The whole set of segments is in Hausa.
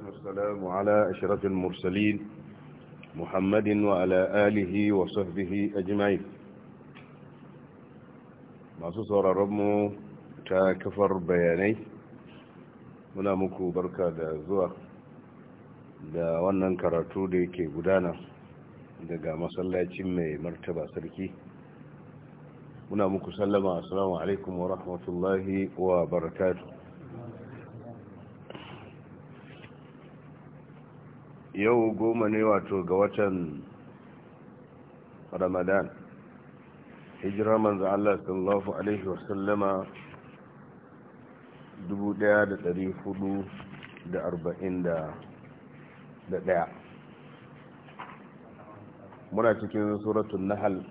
والصلاة Mursalin Muhammadin أشرف المرسلين محمد وعلى آله وصحبه أجمعين masu sauraronmu ta kafar bayanai muna muku barka da zuwa da wannan karatu da yake gudana daga masallacin mai martaba sarki muna muku sallama assalamu alaikum wa rahmatullahi wa barakatu yau goma ne wato ga watan ramadan hijira manzo Allah sallallahu alaihi wasallama 1441 muna cikin suratun nahal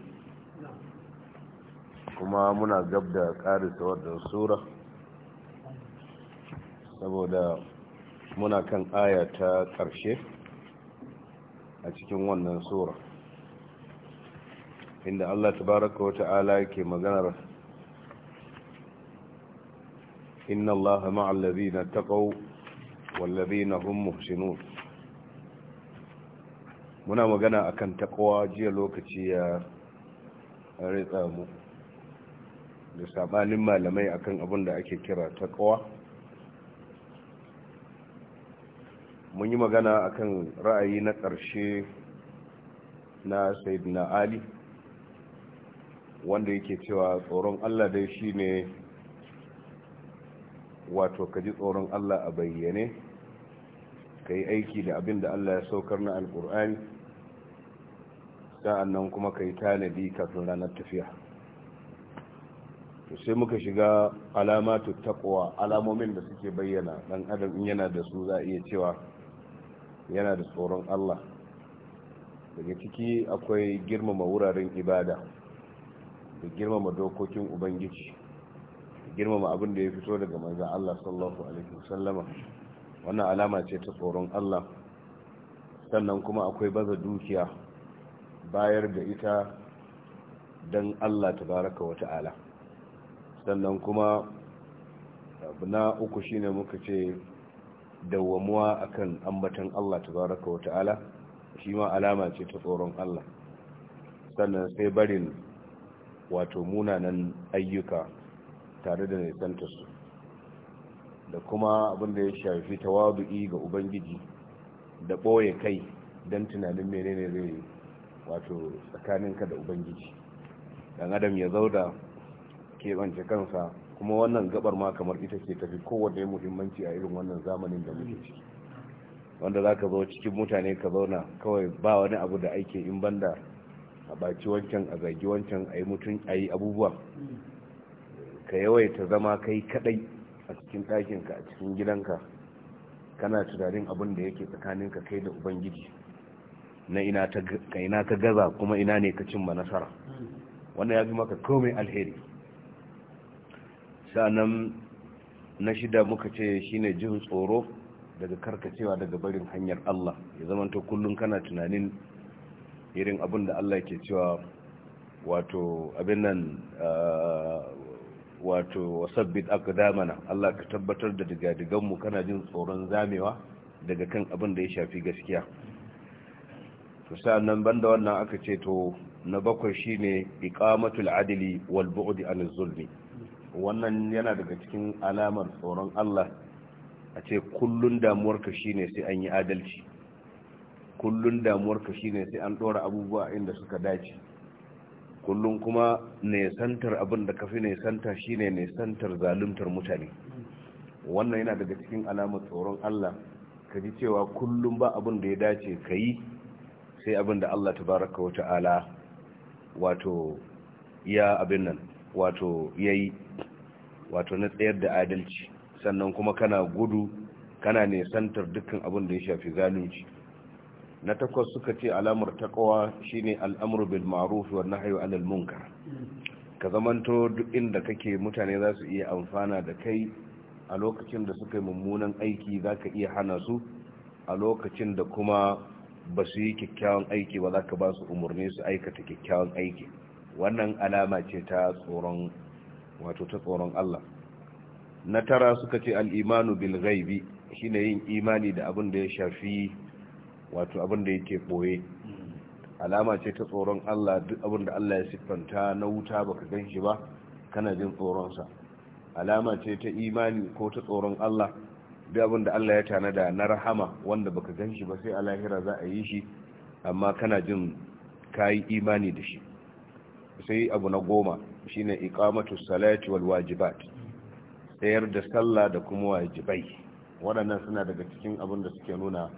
kuma muna gab da karisa wadda sura saboda muna kan aya ta ƙarshe a cikin wannan sura inda Allah tabaraka wa ta'ala yake maganar inna Allah ma'al ladina taqaw wal ladina hum muhsinun muna magana akan taƙawa jiya lokaci ya ritsa mu da sabanin malamai akan abin da ake kira takwa mun yi magana akan ra'ayi na ƙarshe na na ali wanda yake cewa tsoron allah dai shine wato ka ji tsoron allah a bayyane ka yi aiki da abin da allah ya saukar na alkur'ani sa'annan kuma ka yi tanadi kafin ranar tafiya to sai muka shiga alamatu taqwa alamomin da suke bayyana dan adam in yana da su za iya cewa yana da tsoron Allah daga ciki akwai girmama wuraren ibada da girmama dokokin ubangiji girmama abin da ya fito daga manzan Allah sallallahu alaihi wasallama wannan alama ce ta tsoron Allah sannan kuma akwai baza dukiya bayar da ita don Allah ta baraka wa ta'ala sannan kuma na uku shine muka ce dawwamuwa akan ambatan Allah tabaraka wa ta'ala shi ma alama ce ta tsoron Allah sannan sai barin wato munanan ayyuka tare da nisanta su da kuma abin da ya shafi tawadu'i ga ubangiji da ɓoye kai don tunanin menene zai wato tsakaninka da ubangiji dan adam ya zauda keɓance kansa kuma wannan gabar ma kamar ita ce tafi kowane muhimmanci a irin wannan zamanin da muke ciki wanda za ka zo cikin mutane ka zauna kawai ba wani abu da ake in banda a baci wancan a zagi wancan a yi mutum a yi abubuwa ka yawaita zama kai kadai a cikin ɗakinka a cikin gidanka kana tunanin abin da yake tsakaninka kai da ubangiji na ina ka gaza kuma ina ne ka cimma nasara wannan ya fi maka komai alheri sanan na shida muka ce shine jin tsoro daga karkacewa daga barin hanyar Allah ya zamanta kullun kana tunanin irin abin da Allah ke cewa wato abin nan ah, wato wasabbit aqdamana Allah ka tabbatar da digadigan mu kana jin tsoron zamewa daga kan abin da ya shafi gaskiya to sa'annan banda wannan aka ce to na bakwai shine iqamatul adli wal bu'd anil zulmi wannan yana daga cikin alamar tsoron Allah a ce kullun damuwarka shine sai an yi adalci kullun damuwarka shine sai an ɗora abubuwa inda suka dace kullun kuma nesantar abin da kafi nesanta shine nesantar zaluntar mutane wannan yana daga cikin alamar tsoron Allah ka ji cewa kullum ba abin da ya dace ka yi sai abin da Allah tabaraka wa ta'ala wato ya abin nan wato ya yi wato na tsayar da adalci sannan kuma kana gudu kana nesantar dukkan abin da ya shafi zalunci na takwas suka ce alamar taqwa shine al'amru bil ma'ruf wa nahyu 'anil munkar ka zamanto duk inda kake mutane za su iya amfana da kai a lokacin da suka yi mummunan aiki za ka iya hana su a lokacin da kuma ba su yi kyakkyawan aiki ba za ka ba su umarni su aikata kyakkyawan aiki wannan alama ce ta tsoron wato ta tsoron Allah na tara suka ce al'imanu bil ghaibi shine yin imani da abin da ya shafi wato abin da yake boye alama ce ta tsoron Allah duk abin da Allah ya siffanta na wuta baka gan shi ba kana jin tsoronsa alama ce ta imani ko ta tsoron Allah duk abin da Allah ya tanada na rahama wanda baka gan shi ba sai a lahira za a yi shi amma kana jin kayi imani da shi sai abu na goma shine iqamatu salati wal wajibat tsayar da sallah da kuma wajibai waɗannan suna daga cikin abin da suke nuna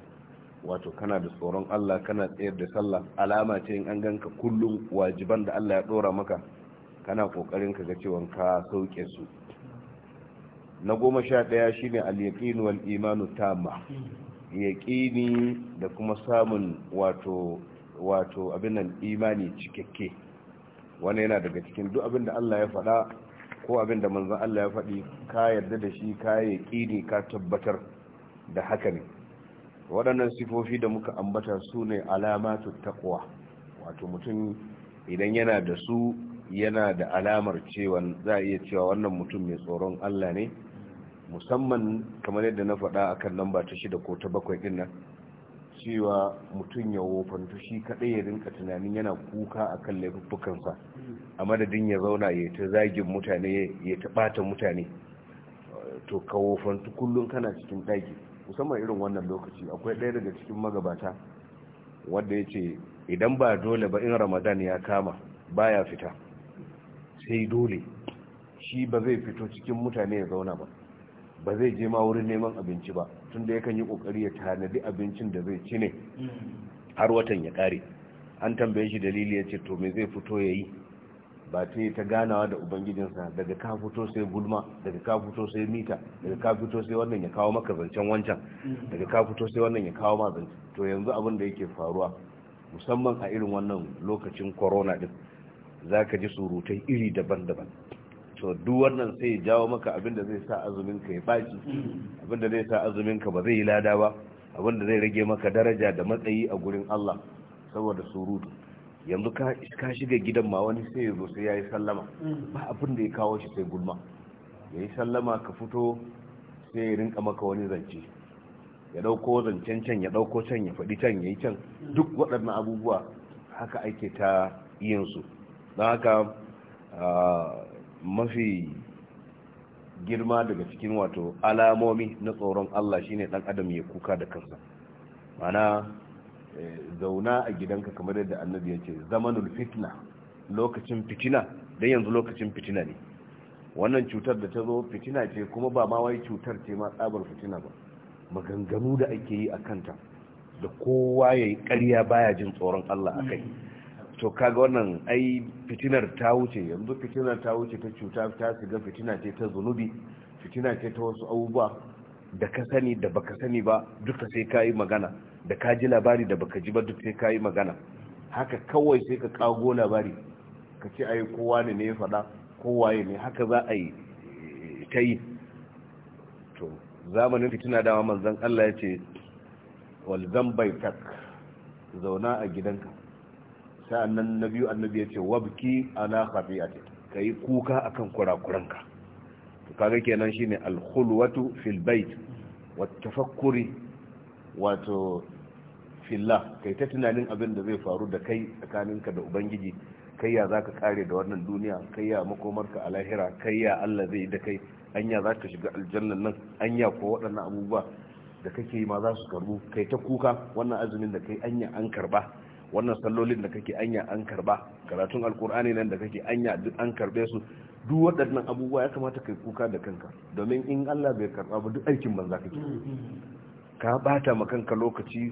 wato kana da tsoron Allah kana tsayar da sallah alama ce in an ganka kullum wajiban da Allah ya dora maka kana kokarin ka ga cewa ka sauke su na goma sha ɗaya shine al-yaqin wal imanu tamma yaqini da kuma samun wato wato abin nan imani cikakke wani yana daga cikin duk abin da Allah ya faɗa ko abin da manzan Allah ya faɗi ka yarda da shi ka yi ƙini, ka tabbatar da haka ne waɗannan sifofi da muka ambata su ne alamatu taƙwa wato mutum idan yana da su yana da alamar cewa za a iya cewa wannan mutum mai tsoron Allah ne musamman kamar yadda na faɗa akan lamba ta shida ko ta bakwai ɗin nan cewa mutum ya wofantu shi kaɗai ya rinka tunanin yana kuka a kan laifuffukansa a madadin ya zauna ya ta zagin mutane ya ta ɓata mutane to ka wofantu kullum kana cikin ɗaki musamman irin wannan lokaci akwai ɗaya daga cikin magabata wanda ya ce idan ba dole ba in ramadan ya kama baya fita sai dole shi ba zai fito cikin mutane ya zauna ba ba zai je ma wurin neman abinci ba tun da yakan yi kokari ya tanadi abincin da zai ci ne har watan ya kare an tambaye shi dalili ya ce to me zai fito ya yi ba ta yi ta ganawa da ubangijinsa daga ka fito sai gulma daga ka fito sai mita daga ka fito sai wannan ya kawo maka zancen wancan daga ka fito sai wannan ya kawo ma zancen to yanzu abin da yake faruwa musamman a irin wannan lokacin corona din za ka ji surutai iri daban-daban to duk wannan sai ya jawo maka abin da zai sa azumin ka ya baki abin da zai sa azumin ka ba zai yi lada ba abin da zai rage maka daraja da matsayi a gurin Allah saboda surutu yanzu ka shiga gidan ma wani sai ya sai yayi yi sallama ba abin da ya kawo shi sai gulma ya sallama ka fito sai ya rinka maka wani zance ya dauko zancen can ya dauko can ya faɗi can yayi can duk waɗannan abubuwa haka ake ta yinsu don haka ah, mafi girma daga cikin wato alamomi na tsoron Allah shine dan adam ya kuka da kansa mana eh, zauna a gidanka kamar yadda annabi ya ce zamanul fitna lokacin fitina dan yanzu lokacin fitina ne wannan cutar da ta zo fitina ce kuma ba ma wai cutar ce ma tsabar fitina ba maganganu da ake yi a kanta da kowa ya yi ƙarya baya jin tsoron Allah a kai to kaga wannan ai fitinar ta wuce yanzu fitinar ta wuce ta cuta ta shiga fitina ce ta zunubi fitina ce ta wasu abubuwa da ka sani da baka sani ba duka sai ka yi magana da ka ji labari da baka ji ba duk sai ka yi magana haka kawai sai ka kago labari ka ce ai kowa ne ne ya faɗa kowaye ne haka za a yi eh, ta yi to zamanin fitina dama manzan Allah ya ce walzan bai tak zauna a gidanka nan na biyu annabi ya ce wabki ala khafi'ati kai kuka akan kurakuranka to kaga kenan shine al-khulwatu fil bait tafakkuri wato filla kai ta tunanin abin da zai faru da kai tsakaninka da ubangiji kai ya ka kare da wannan duniya kai ya makomarka a lahira kai ya Allah zai da kai anya ka shiga aljannan nan anya ko waɗannan abubuwa da kake yi ma za su karbu kai ta kuka wannan azumin da kai anya an karba wannan sallolin da kake anya an karba karatun alkur'ani nan da kake anya duk an karbe su duk waɗannan abubuwa ya kamata kai kuka da kanka domin in Allah bai karba ba duk aikin banza kake ka bata ma kanka lokaci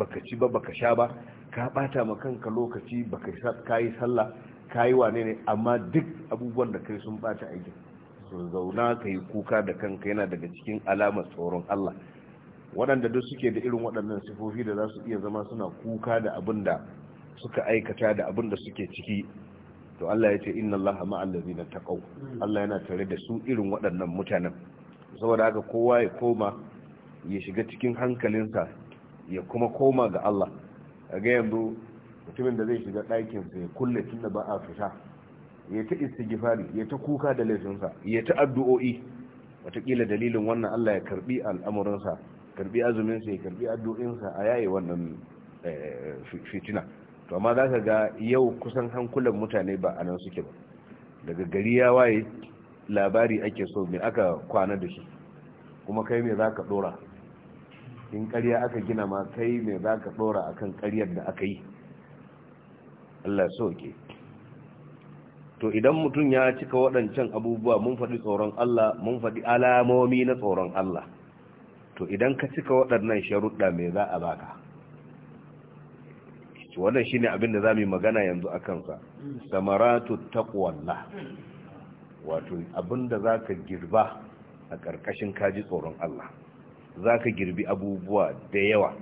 baka ci ba baka sha ba ka bata ma kanka lokaci baka kai sallah kai wane ne amma duk abubuwan da kai sun bata aikin zauna kai kuka da kanka yana daga cikin alamar tsoron Allah waɗanda duk suke da irin waɗannan sifofi da za su iya zama suna kuka da abin da suka aikata da abin da suke ciki to Allah ya ce inna Allah ma'allazi na taƙau Allah yana tare da su irin waɗannan mutanen saboda haka kowa ya koma ya shiga cikin hankalinsa ya kuma koma ga Allah a ga yanzu mutumin da zai shiga ɗakinsa ya kulle tun da ba a fita ya ta istighfari ya ta kuka da laifinsa ya ta addu'o'i wataƙila dalilin wannan Allah ya karɓi al'amuransa karbi azuminsa ya karbi addu'insa a yayi wannan eh, fitina to amma za ka ga yau kusan hankulan mutane ba a nan suke ba daga gari ya waye labari ake so mai aka kwana da shi kuma kai mai za ka dora in karya aka gina ma kai mai za ka dora a kan da aka yi allah so ke to idan mutum ya cika waɗancan abubuwa mun faɗi tsoron allah mun faɗi alamomi na tsoron allah to idan ka cika waɗannan sharuɗa mai za a baka wannan shine abin da za mu yi magana yanzu a kansa samaratu taqwallah wato abin da za ka girba a ƙarƙashin kaji tsoron Allah za ka girbi abubuwa da yawa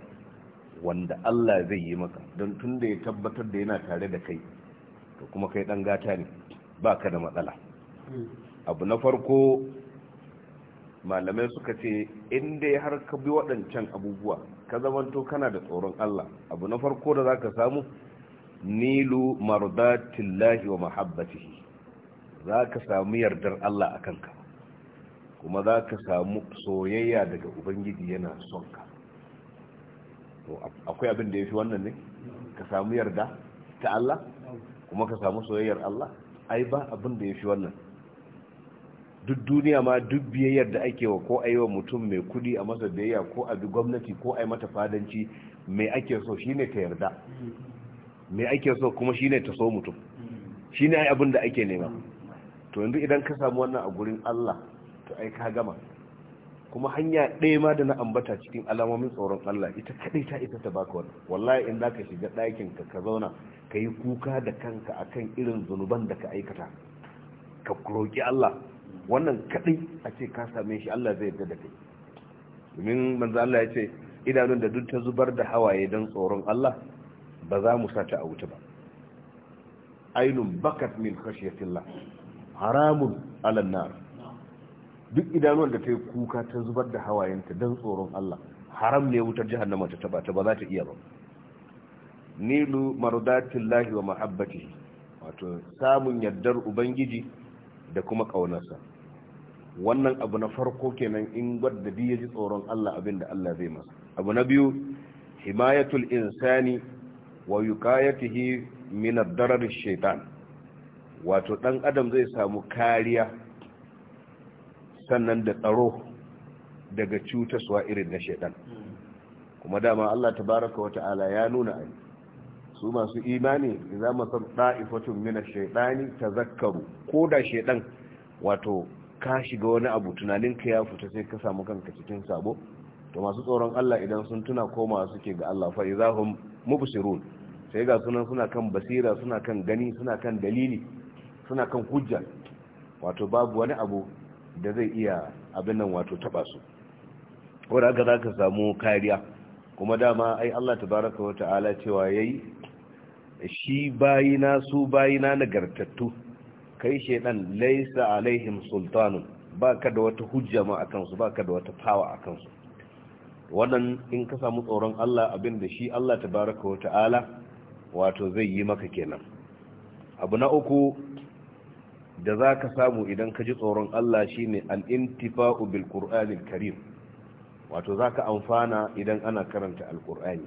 wanda Allah zai yi maka don tun da ya tabbatar da yana tare da kai to kuma kai ɗan gata ne ba ka da matsala hmm. abu na farko malamai suka ce inda ya har ka bi waɗancan abubuwa ka zamanto kana da tsoron Allah abu na farko da za ka samu nilu mardatillahi wa mahabbatihi ka samu yardar Allah a kanka kuma za ka samu soyayya daga ubangiji yana son ka akwai abin da ya fi wannan ne ka samu yarda ta Allah kuma ka samu soyayyar Allah ai ba abin da ya fi wannan duk duniya ma duk biyayyar da ake wa ko a yi wa mutum mai kudi a masa biyayya ko a bi gwamnati ko a yi mata fadanci mai ake so shi ne ta yarda mai ake so kuma shi ne ta so mutum ne ai abin da ake nema to yanzu idan ka samu wannan a gurin Allah to ai ka gama kuma hanya ɗaya ma da na ambata cikin alamomin tsoron Allah ita kaɗai ta ita ta baka wannan wallahi in zaka shiga ɗakin ka ka zauna ka yi kuka da kanka akan irin zunuban da ka aikata ka roƙi Allah wannan kadai a ce ka same shi Allah zai yarda da kai domin manzo Allah ya ce idanun da duk ta zubar da hawaye don tsoron Allah ba za mu sata a wuta ba ainun bakat min khashiyatillah haramun ala nar duk idanun da ta yi kuka ta zubar da hawayenta don tsoron Allah haram ne wutar jahannama ta taba ta ba za ta iya ba nilu mardatillahi wa mahabbati wato samun yardar ubangiji da kuma ƙaunarsa. wannan abu na farko kenan in wadda ya ji tsoron Allah abin da Allah zai masa abu na biyu himayatul insani wa yukayatihi min ad-darar wato dan adam zai samu kariya sannan da tsaro daga cutaswa irin na shaiɗan. kuma dama Allah ta baraka wa ta'ala ya nuna ai su masu imani mu san da'ifatun min ash-shaytani tazakkaru koda shaytan wato ka shiga wani abu tunanin ka ya fita sai ka samu kanka cikin sabo to masu tsoron Allah idan sun tuna komawa suke ga Allah fa izahum mubsirun sai ga sunan suna kan basira suna kan gani suna kan dalili suna kan hujja wato babu wani abu da zai iya abin nan wato taba su wanda aka zaka samu kariya kuma dama ai Allah tabaraka wa ta'ala cewa yayi shi bayina su bayina nagartattu kai shedan laisa alaihim sultanun ka da wata hujja ma akan su ka da wata fawa akan su wannan in ka samu tsoron Allah abin da shi Allah tabaraka wa ta'ala wato zai yi maka kenan abu na uku da za ka samu idan ka ji tsoron Allah shi ne al'intifa'u bil ƙur'anin karim wato za ka amfana idan ana karanta alƙur'ani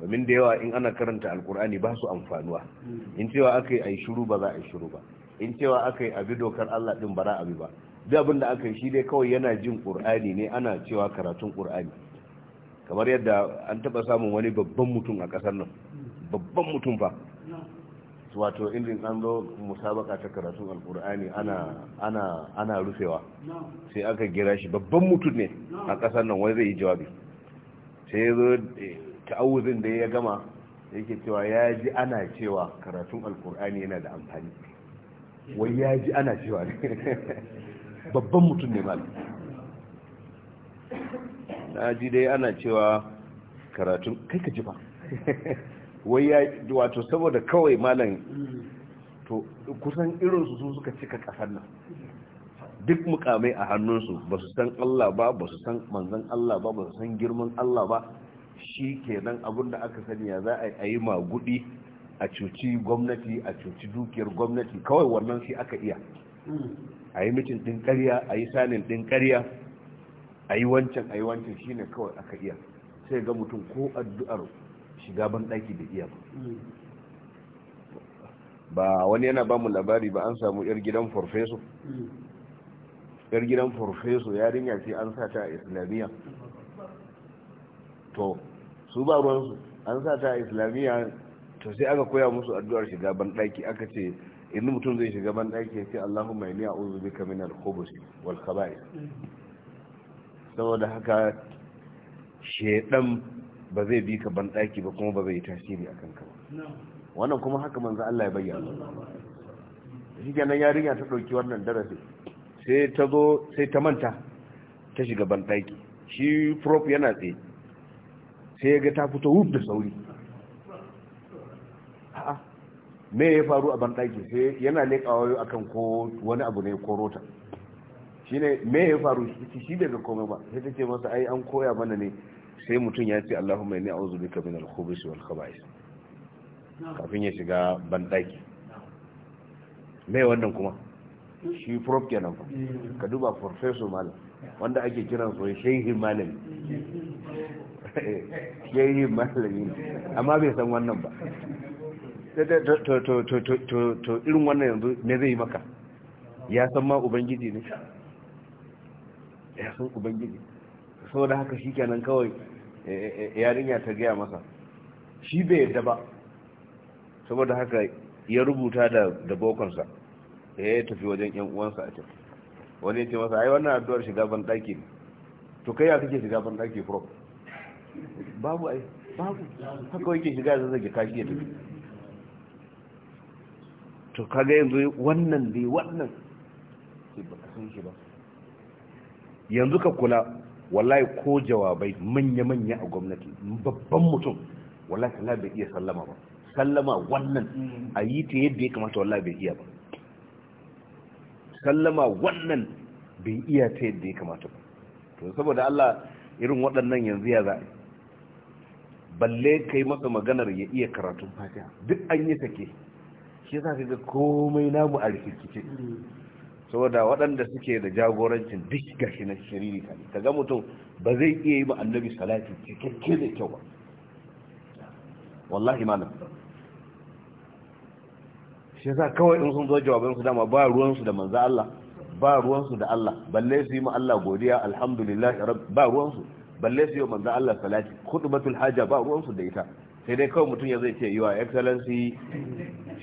domin da yawa in ana karanta Alkur'ani ba su amfanuwa mm. in cewa aka yi a yi shuru ba za a yi shuru ba in cewa aka yi abi dokar Allah din bara abi ba duk abin da aka yi shi dai kawai yana jin qur'ani ne ana cewa karatun qur'ani kamar yadda an taba samun wani babban mutum a kasar nan babban mutum fa wato indin an zo musabaka ta karatun alqur'ani ana ana ana rufewa sai aka gira shi babban mutum ne a kasar nan wani zai yi jawabi sai ya zo ta'awuzin da ya gama yake cewa ya ji ana cewa karatun alkur'ani yana da amfani wai ya ji ana cewa ne babban mutum ne malam na ji dai ana cewa karatun kai ka ji ba wai ya ji wato saboda kawai malam to kusan irinsu su suka cika kasar nan duk mukamai a hannunsu ba su san Allah ba ba su san manzan Allah ba ba su san girman Allah ba shi kenan nan da aka sani ya za a yi magudi a cuci gwamnati a cuci dukiyar gwamnati kawai wannan shi aka iya a yi mitin ɗin ƙarya a yi sanin ɗin ƙarya a yi wancan a yi wancan shi ne kawai aka iya sai ga mutum ko addu'ar shiga ban ɗaki da iya ba wani yana ba mu labari ba an samu yar gidan farfeso yar gidan farfeso yarinya ce an sa ta a islamiyya to su ba ruwansu an sa ta a islamiyya to sai aka koya musu addu'ar shiga banɗaki aka ce inda mutum zai shiga banɗaki ya ce allahumma inni a'udhu bika min al-khubus wal khaba'ith saboda haka shedan ba zai bi ka banɗaki ba kuma ba zai tasiri akan ka wannan kuma haka manzo Allah ya bayyana shi nan yarinya ta dauki wannan darasi sai ta zo sai ta manta ta shiga banɗaki shi prof yana tsaye sai ya ga ta fito wuf da sauri me ya faru a banɗaki sai yana leƙawa akan ko wani abu ne ko rota shine me ya faru shi daga ga komai ba sai ta ce masa ai an koya mana ne sai mutum ya ce Allahumma inni a'udhu bika min al-khubuthi wal khaba'ith kafin ya shiga banɗaki me wannan kuma shi prof kenan fa ka duba professor malam wanda ake kiran soyayya shehi malam shehi malam amma bai san wannan ba to irin wannan yanzu ne zai yi maka ya san ma ubangiji ne ya san ubangiji sau da haka shi kenan kawai eh, eh, eh, yarinya ta gaya masa shi bai yadda ba saboda haka ya rubuta da bokonsa ya yi tafi wajen yan uwansa a cikin wani ya ce masa ai wannan addu'ar shiga ban daki ne to kai ya kake shiga ban daki prop babu ai babu haka wake shiga zan zage kashi ya tafi to kaga yanzu wannan dai wannan sai ba ka san shi ba yanzu ka kula wallahi ko jawabai manya-manya a gwamnati babban mutum wallahi kala bai iya sallama ba sallama wannan mm. a yi ta yadda ya kamata wallahi bai iya ba sallama wannan bai iya ta yadda ya kamata ba to saboda Allah irin waɗannan yanzu ya za'a balle kai masa maganar ya iya karatun fatiha duk an yi take shi yasa kaga komai namu a rikirkice saboda waɗanda suke da jagorancin duk gashi na shiriri ta ga mutum ba zai iya yi ma annabi salati cikakke da kyau ba wallahi malam shi yasa kawai in sun zo jawabin su dama ba ruwan su da manzo Allah ba ruwan su da Allah balle su yi ma Allah godiya alhamdulillah rabb ba ruwan su balle su yi ma manzo Allah salati khutbatul haja ba ruwan su da ita sai dai kawai mutum ya zai ce yiwa excellency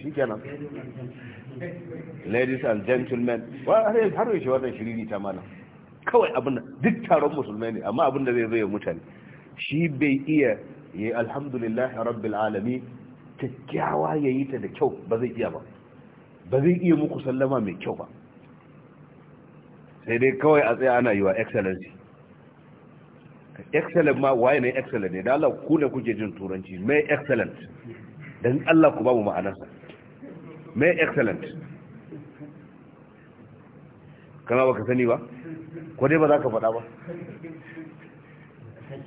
shikenan ladies and gentlemen har yaushe wannan shiriri ta mana kawai abin duk taron musulmai ne amma abin da zai zai mutane shi bai iya yi alhamdulillah rabbil kyawa kyakkyawa yi ta da kyau ba zai iya ba ba zai iya muku sallama mai kyau ba sai dai kawai a tsaye ana yi wa excellency excellent ma waye ne excellent ne da Allah ku ne kuke jin turanci mai excellent dan Allah ku babu ma'anarsa mai excellent kana ba ka sani ba ko dai ba za ka faɗa ba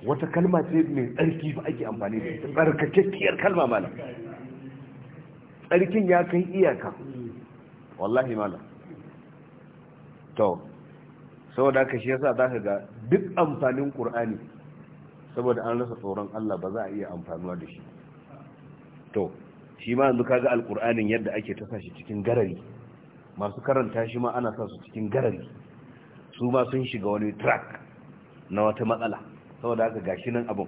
wata kalma ce mai tsarki ba ake amfani da ita tsarkakakkiyar kalma mana tsarkin ya kai iyaka wallahi mana to saboda haka shi yasa ka ga duk amfanin qur'ani saboda an rasa tsoron Allah ba za a iya amfanuwa da shi to shi ma yanzu kaga alkur'anin yadda ake ta shi cikin garari masu karanta shi ma ana sa su cikin garari su ma sun shiga wani track na wata matsala saboda haka gashi nan abin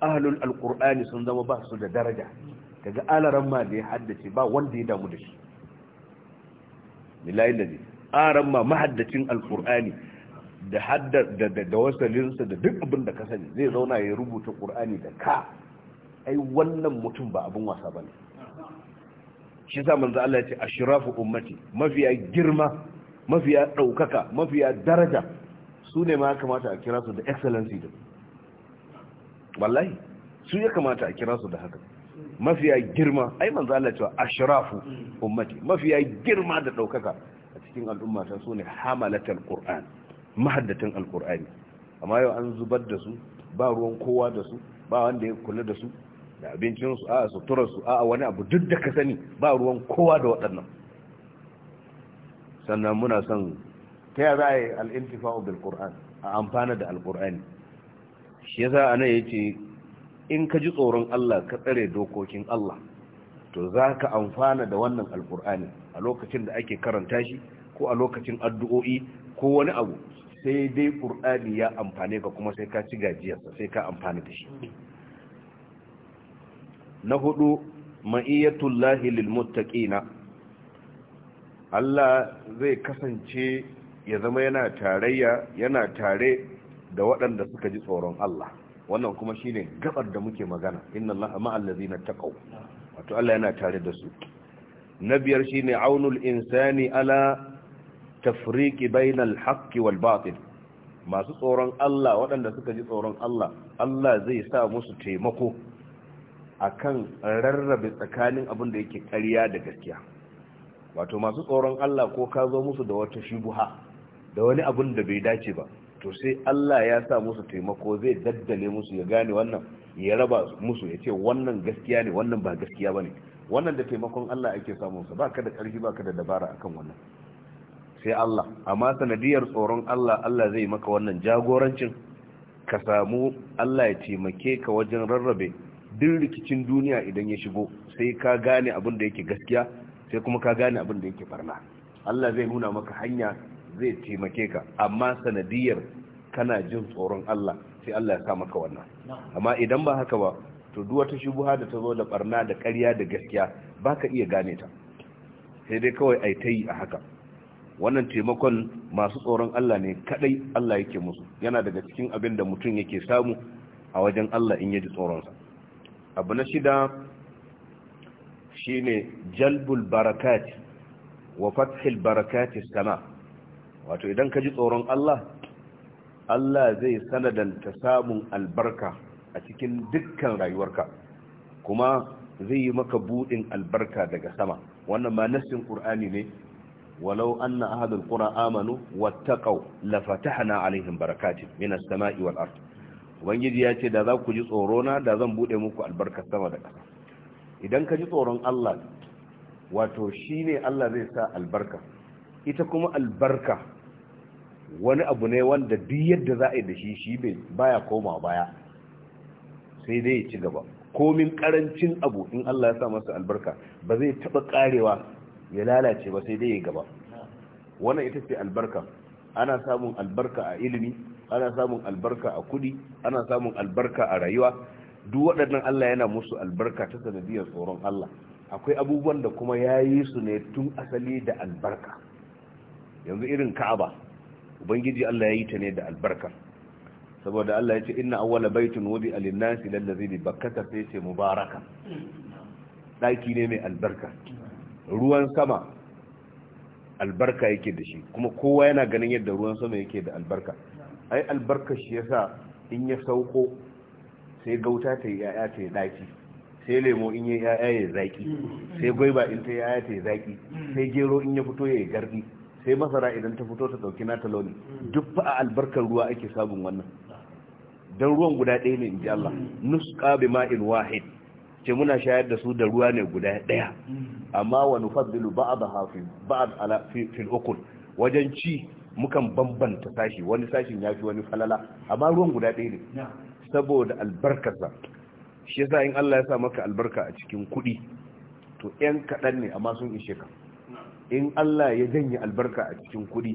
ahlul alkur'ani sun zama ba su da daraja kaga alaran ma da ya haddace ba wanda ya damu da shi billahi ladi aran ma mahaddacin alkur'ani da haddar da da wasalinsa da duk abin da ka sani zai zauna ya rubuta qur'ani da ka ai wannan mutum ba abin wasa ba ne shi sa manzo Allah ya ce ashrafu ummati mafiya girma mafiya daukaka mafiya daraja su ne ma kamata a kira su da excellency din wallahi su ya kamata a kira su da haka mafiya girma ai manzo Allah ce ashrafu ummati mafiya girma da daukaka a cikin al'umma ta su ne hamalatul qur'an mahaddatin alqur'ani amma yau an zubar da su ba ruwan kowa da su ba wanda ya kula da su da abincinsu a suturarsu a wani abu duk da ka sani ba ruwan kowa da waɗannan sannan muna son ta yaya za a yi al'intifa'u bil qur'an a amfana da al'qur'ani shi a ana ya ce in ka ji tsoron Allah ka tsare dokokin Allah to za ka amfana da wannan al'kur'ani a lokacin da ake karanta shi ko a lokacin addu'o'i ko wani abu sai dai ƙur'ani ya amfane ka kuma sai ka ci gajiyarsa sai ka amfana da shi na hudu ma'iyyatullahi lilmuttaqina Allah zai kasance ya zama yana tarayya yana tare da waɗanda suka ji tsoron Allah wannan kuma shine gabar da muke magana inna Allah ma'al ladzina taqaw wato Allah yana tare da su na biyar shine aunul insani ala tafriqi bainal haqqi wal batil masu tsoron Allah waɗanda suka ji tsoron Allah Allah zai sa musu taimako akan rarrabe tsakanin abin da yake ƙarya da gaskiya wato masu tsoron Allah ko ka zo musu da wata shubuha da wani abin da bai dace ba to sai Allah ya sa musu taimako zai daddale musu ya gane wannan ya raba musu ya ce wannan gaskiya ne wannan ba gaskiya bane wannan da taimakon Allah ake samun sa baka da ƙarfi baka da dabara akan wannan sai Allah amma sanadiyar tsoron Allah Allah zai maka wannan jagorancin ka samu Allah ya taimake ka wajen rarrabe duk rikicin duniya idan ya shigo sai ka gane abin da yake gaskiya sai kuma ka gane abin da yake barna Allah zai nuna maka hanya zai taimake ka amma sanadiyar kana jin tsoron Allah sai Allah ya sa maka wannan amma idan ba haka ba to duk wata shubuha da ta zo da barna da ƙarya da gaskiya baka iya gane ta sai dai kawai ai ta a haka wannan taimakon masu tsoron Allah ne kadai Allah yake musu yana daga cikin abin da mutum yake samu a wajen Allah in yaji tsoronsa abu na shida shine jalbul barakati wa fathil barakati sama wato idan ka ji tsoron Allah Allah zai sanadanta samun albarka a cikin dukkan rayuwarka kuma zai yi maka budin albarka daga sama wannan ma nassin qur'ani ne walau anna ahadul qura amanu wattaqaw lafatahna alaihim barakatin minas sama'i wal ardh ubangiji ya ce da za ku ji tsoro na da zan bude muku albarkar sama da ƙasa idan ka ji tsoron Allah wato ne Allah zai sa albarka ita kuma albarka wani abu ne wanda duk yadda za a yi da shi shi bai baya koma baya sai dai ya ci gaba komin karancin abu in Allah ya sa masa albarka ba zai taba karewa ya lalace ba sai dai ya gaba wannan ita ce albarka ana samun albarka a ilimi ana samun albarka a kudi ana samun albarka a rayuwa duk waɗannan Allah yana musu albarka ta sanadiyar tsoron Allah akwai abubuwan da kuma ya yi su ne tun asali da albarka yanzu irin ka'aba ubangiji Allah ya yi ta ne da albarka saboda Allah ya ce inna awwala baitun wudi alinnasi lallazi bi bakkata sai ce mubaraka ɗaki ne mai albarka ruwan sama albarka yake da shi kuma kowa yana ganin yadda ruwan sama yake da albarka ai albarkar shi yasa in ya sauko sai gauta ta yi yaya ta yi daki sai lemo in ya yaya ya zaki sai gwaiba in ta yi yaya ta yi zaki sai gero in ya fito ya yi gardi sai masara idan ta fito ta dauki nata launi duk fa a albarkar ruwa ake samun wannan dan ruwan guda ɗaya ne inji Allah nusqa bi ma'in wahid ce muna shayar da su da ruwa ne guda ɗaya amma wa nufaddilu ba'daha fi ba'd ala fi fil ukul wajen ci mukan bambanta sashi wani sashin ya fi wani falala amma ruwan guda ɗaya ne saboda albarkarsa shi yasa in Allah ya sa maka albarka a cikin kuɗi to 'yan kaɗan ne amma sun ishe ka in Allah ya janye albarka a cikin kuɗi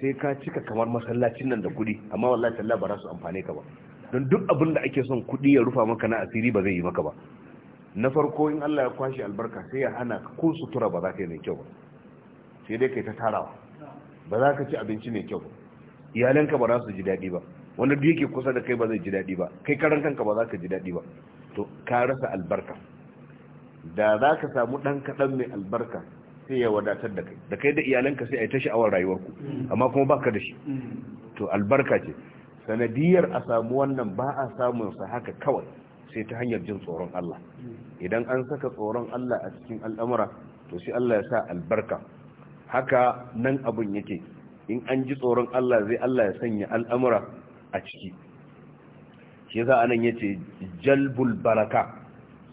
sai ka cika kamar masallacin nan da kuɗi amma wallahi talla ba za su amfane ka ba don duk abin da ake son kuɗi ya rufa maka na asiri ba zai yi maka ba na farko in Allah ya kwashe albarka sai ya hana ko sutura ba za ka yi mai kyau ba sai dai kai ta tarawa ba za ka ci abinci mai kyau iyalinka iyalanka ba za su ji daɗi ba wanda duk yake kusa da kai ba zai ji daɗi ba kai karan kanka ba za ka ji daɗi ba to ka rasa albarka da za ka samu ɗan kaɗan mai albarka sai ya wadatar da kai da kai da iyalanka sai a yi ta sha'awar rayuwarku amma kuma ba ka da shi to albarka ce sanadiyar a samu wannan ba a samun sa haka kawai sai ta hanyar jin tsoron Allah idan an saka tsoron Allah a cikin al'amura to sai Allah ya sa albarka haka nan abun yake in an ji tsoron Allah zai Allah ya sanya al'amura a ciki shi za a nan ya ce jalbul baraka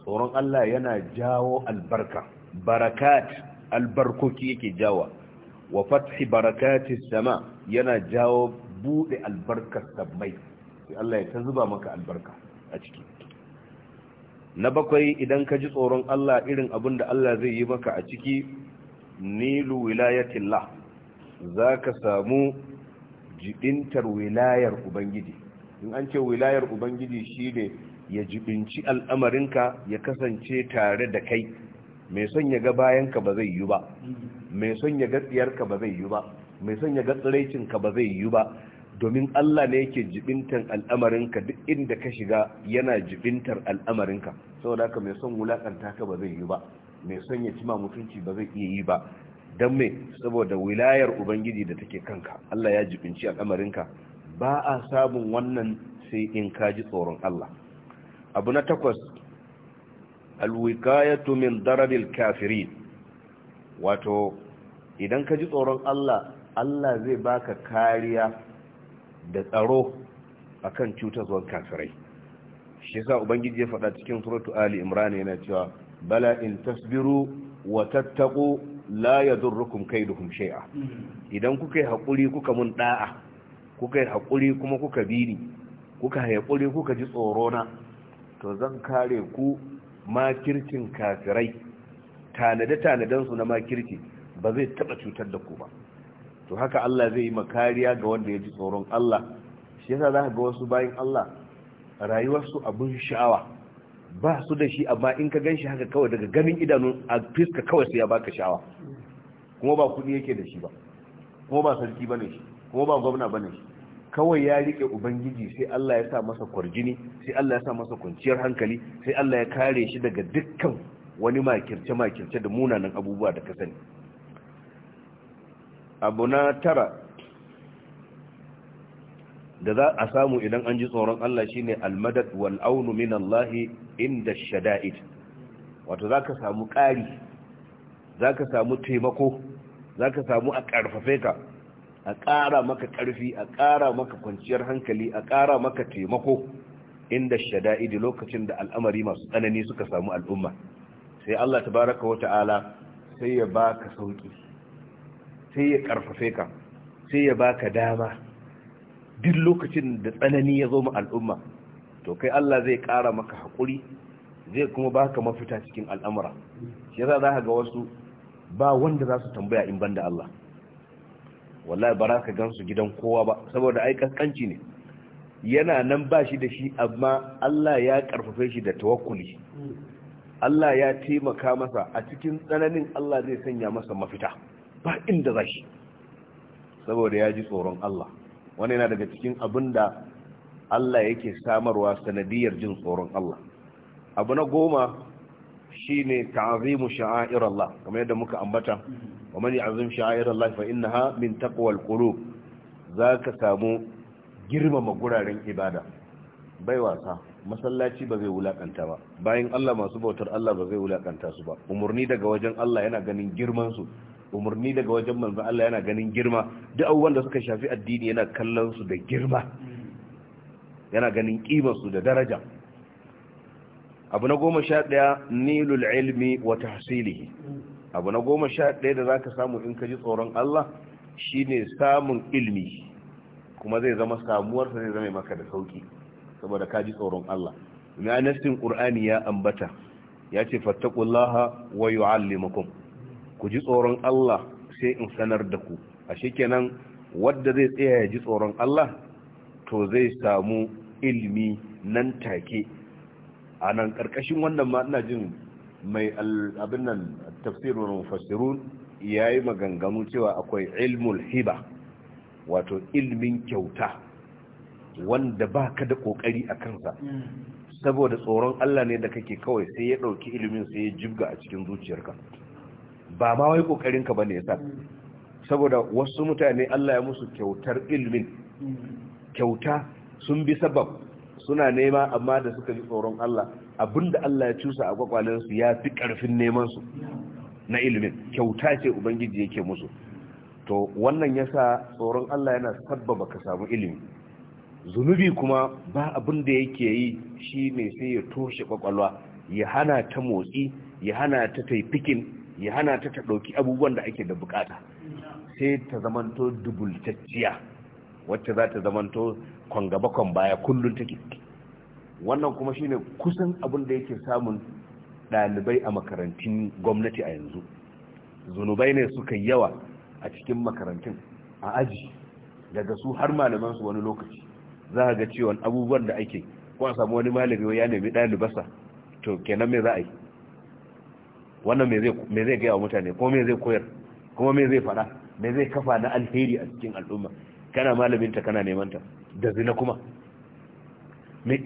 tsoron Allah yana jawo albarka barakat albarkoki yake jawa wa fathi barakatis sama yana jawo bude albarkar sabbai sai Allah ya ta zuba maka albarka a ciki na bakwai idan ka ji tsoron Allah irin abin da Allah zai yi maka a ciki nilu wilayatillah za ka samu jibintar wilayar ubangiji in an ce wilayar ubangiji shi ne ya jibinci al'amarinka ya kasance tare da kai mai son ya ga bayanka ba zai yi ba mai son ya ga tsiyarka ba zai yi ba mai son ya ga tsiraicinka ba zai yi ba domin Allah ne yake jibintar al'amarinka duk inda ka shiga yana jibintar al'amarinka saboda haka mai son wulakanta ka ba zai yi ba mai son ya cima mutunci ba zai iya yi ba don mai saboda wilayar ubangiji da take kanka Allah ya jibinci al'amarinka ba a samun wannan sai in ka ji tsoron Allah abu na takwas alwikayatu min darabil kafiri wato idan ka ji tsoron Allah Allah zai baka kariya da tsaro akan zuwan kafirai shi yasa ubangiji ya faɗa cikin suratu ali imrani yana cewa bala in tasbiru wa tattaku la kai kaiduhum shai'a idan kuka yi hakuri kuka mun ɗa'a, kuka yi hakuri kuma kuka bini kuka yi hakuri kuka ji tsoro na to zan kare ku makircin kafirai tanade tanaden su na makirci ba zai taba cutar da ku ba to haka Allah zai yi makariya ga wanda ya ji tsoron Allah shi yasa za ka ga wasu bayan Allah rayuwarsu abin sha'awa ba su da shi amma in ka gan shi haka kawai daga ganin idanu a fiska kawai sai ya baka shawa kuma ba kudi yake da shi ba kuma ba sarki bane shi kuma ba gwamna bane shi kawai ya rike ubangiji sai Allah ya sa masa kwarjini sai Allah ya sa masa kwanciyar hankali sai Allah ya kare shi daga dukkan wani makirce makirce da munanan abubuwa da ka sani abu na tara da za a samu idan an ji tsoron Allah shine almadad wal aunu min inda shada'id wato za ka samu ƙari za ka samu taimako za ka samu a ƙarfafe ka a ƙara maka ƙarfi a ƙara maka kwanciyar hankali a ƙara maka taimako inda shada'idi lokacin da al'amari masu tsanani suka samu al'umma sai Allah tabaraka wa ta'ala sai ya baka sauki sai ya ƙarfafe ka sai ya baka dama duk lokacin da tsanani ya zo ma al'umma to kai Allah zai ƙara maka haƙuri zai kuma baka mafita cikin al'amura shi yasa za ka ga wasu ba wanda za su tambaya in banda Allah wallahi ba za ka gan su gidan kowa ba saboda ai kaskanci ne yana nan ba shi da shi amma Allah ya ƙarfafe shi da tawakkuli Allah ya taimaka masa a cikin tsananin Allah zai sanya masa mafita ba inda za shi saboda ya ji tsoron Allah wani yana daga cikin abin da Allah yake samarwa sanadiyar jin tsoron Allah abu na goma shine ta'azimu sha'air Allah kamar yadda muka ambata wa mani azim sha'air Allah fa ha min taqwal qulub ka samu girmama guraren ibada bai wasa masallaci ba zai wulakanta ba bayan Allah masu bautar Allah ba zai wulakanta su ba umurni daga wajen Allah yana ganin girman umarni daga wajen manzo Allah yana ganin girma duk abubuwan da suka shafi addini yana kallon su da girma yana ganin ƙimarsu da daraja abu na goma sha ɗaya nilul ilmi wa tahsilihi abu na goma sha ɗaya da za ka samu in ka ji tsoron Allah shine samun ilmi kuma zai zama samuwarsa zai zama maka da sauƙi saboda ka ji tsoron Allah mai nassin qur'ani ya ambata ya ce fattaqullaha wa yu'allimukum ku ji tsoron Allah sai in sanar da ku ashe kenan wanda zai tsaya ya ji tsoron Allah to zai samu ilmi nan take a nan ƙarƙashin wannan ma ina jin mai abin nan tafsirun mufassirun ya yi maganganu cewa akwai ilmul hiba wato ilmin kyauta wanda ba ka da ƙoƙari a kansa saboda tsoron Allah ne da kake kawai sai ya ɗauki ilimin sai ya jibga a cikin zuciyarka ba ma wai ƙoƙarinka ba ne ya saboda wasu mutane Allah ya musu kyautar ilmin kyauta sun bi sabab suna nema amma da suka ji tsoron Allah abinda Allah ya cusa a kwakwalensu ya fi karfin neman su na ilimin kyauta ce ubangiji yake musu to wannan yasa tsoron Allah yana sabbaba ka samu ilimi zunubi kuma ba abin da yake yi shi ne sai ya toshe kwakwalwa ya hana ta motsi ya hana ta taifikin ya hana ta ta ɗauki abubuwan da ake da bukata sai ta zamanto dubultacciya wacce za ta zamanto kwan gaba kwan baya kullum take wannan kuma shine kusan abin da yake samun ɗalibai a makarantun gwamnati a yanzu zunubai ne suka yawa a cikin makarantun a aji daga su har malamansu wani lokaci za ga cewa abubuwan da ake ko a samu wani malami ya nemi dalibarsa to kenan me za a yi wannan me zai gaya wa mutane ko me zai koyar kuma me zai faɗa me zai kafa na alheri a cikin al'umma kana malaminta kana ta? da zina kuma me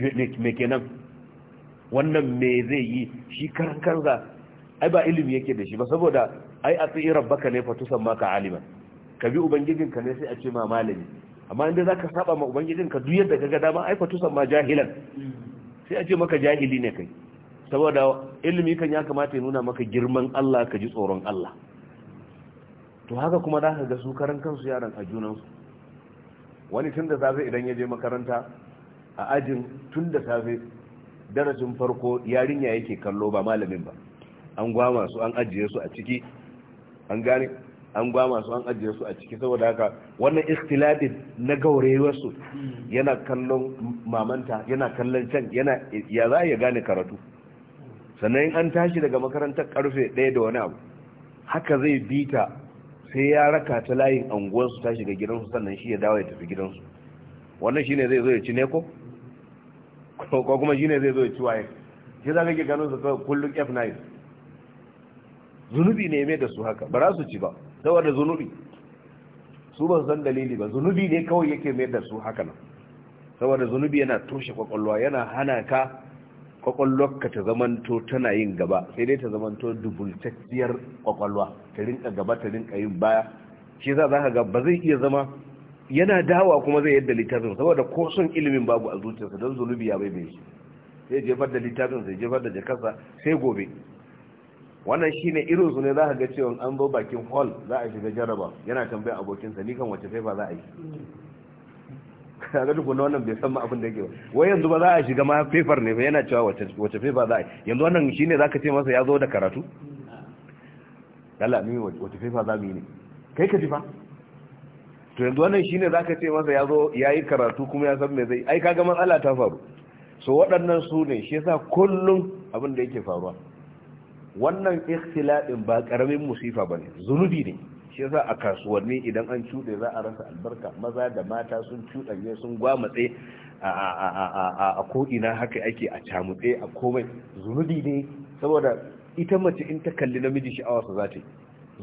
kenan wannan me zai yi shi karan kanza ai ba ilimi yake da shi ba saboda ai a tsaye rabbaka ne fatusan maka aliman ka bi ubangijinka ne sai a ce ma malami amma inda za ka saba ma ubangijinka duk yadda ka ga dama ai fatusan ma jahilan sai a ce maka jahili ne kai saboda ilimi kan ya kamata ya nuna maka girman Allah ka ji tsoron Allah to haka kuma za ka ga su karan kansu yaran a junansu wani tun da safe idan ya je makaranta a ajin tun da safe darasin farko yarinya yake kallo ba malamin ba an gwama su an ajiye su a ciki an gane an gwama su an ajiye su a ciki saboda haka wannan istiladin na gaurewarsu yana kallon mamanta yana kallon can yana ya za ya gane karatu sannan an tashi daga makarantar karfe ɗaya da wani abu haka zai bita sai ya raka ta layin anguwarsu ta shiga gidansu sannan shi ya dawo ya tafi gidansu wannan shine zai zo ya ci neko ko kuma shine zai zo ya ci waye shi za ka ke gano su kawai kullum f9 zunubi ne mai da su haka ba za su ci ba saboda zunubi su ba san dalili ba zunubi ne kawai yake mai da su haka nan saboda zunubi yana toshe kwakwalwa yana hana ka kwakwalwar ka ta zamanto tana yin gaba sai dai ta zamanto dubultacciyar kwakwalwa ta rinka gaba ta rinka yin baya shi za za ka ga ba zai iya zama yana dawa kuma zai yadda littafin saboda ko son ilimin babu a zuciyarsa don zunubi ya bai bai shi sai jefar da littafin sai jefar da jakarsa sai gobe wannan shine irin su ne za ka ga cewa an zo bakin hall za a shiga jaraba yana tambaya abokinsa ni kan wace faifa za a yi kaga duk wannan bai san ma abin da yake ba wai yanzu ba za a shiga ma paper ne ba yana cewa wace wace paper za a yanzu wannan shine zaka ce masa ya zo da karatu Allah mi wace paper za mu yi ne kai ka ji fa to yanzu wannan shine zaka ce masa ya zo yayi karatu kuma ya san me zai ai kaga matsala ta faru so waɗannan su ne shi yasa kullum abin da yake faruwa wannan ikhtilafin ba karamin musifa bane zunubi ne shi yasa a kasuwanni idan an cuɗe za a rasa albarka maza da mata sun cuɗanye sun gwamutse a ko'ina haka ake a camutse a komai zunubi ne saboda ita mace in ta kalli namiji sha'awarsa za ta yi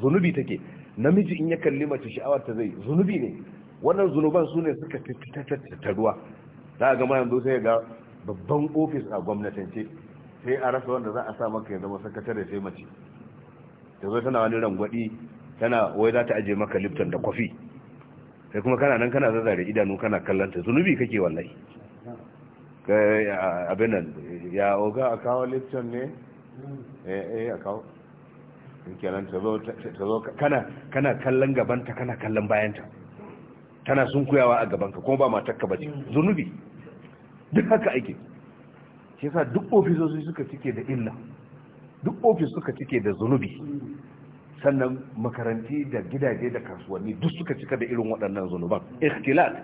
zunubi take namiji in ya kalli mace sha'awar ta zai zunubi ne wannan zunuban su ne suka tattaruwa za ga ma yanzu sai ga babban ofis a gwamnatance sai a rasa wanda za a sa maka ya zama sakatare sai mace ta zo tana wani rangwadi tana wai za ta aje maka lipton da kwafi sai kuma kana nan kana zazzare idanu kana kallanta zunubi kake wallahi abin nan ya oga a kawo lipton ne eh eh a kawo kenan ta zo kana kana kallon gabanta kana kallon bayanta tana sunkuyawa a gabanka kuma ba matarka bace zunubi duk haka ake shi sa duk ofisoshi suka cike da illa duk ofis suka cike da zunubi sannan makaranti da gidaje da kasuwanni duk suka cika da irin waɗannan zunuban ikhtilat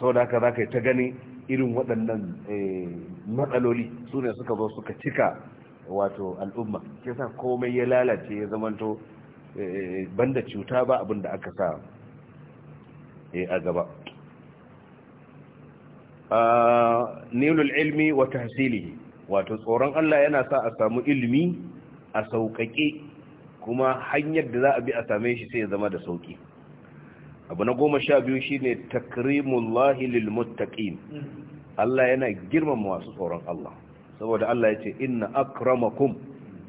sau da haka za ka yi ta gani irin waɗannan eh, matsaloli su ne suka zo suka cika wato al'umma ke sa komai ya lalace ya zamanto eh, banda cuta ba abin da aka sa eh, a gaba ah, nilul ilmi wa tahsilihi wato tsoron Allah yana sa a samu ilmi a sauƙaƙe kuma hanyar da za a bi a same shi sai ya zama da sauki abu na goma sha biyu shi ne takrimullahi lil Allah yana girmama masu tsoron Allah saboda Allah ya ce inna akramakum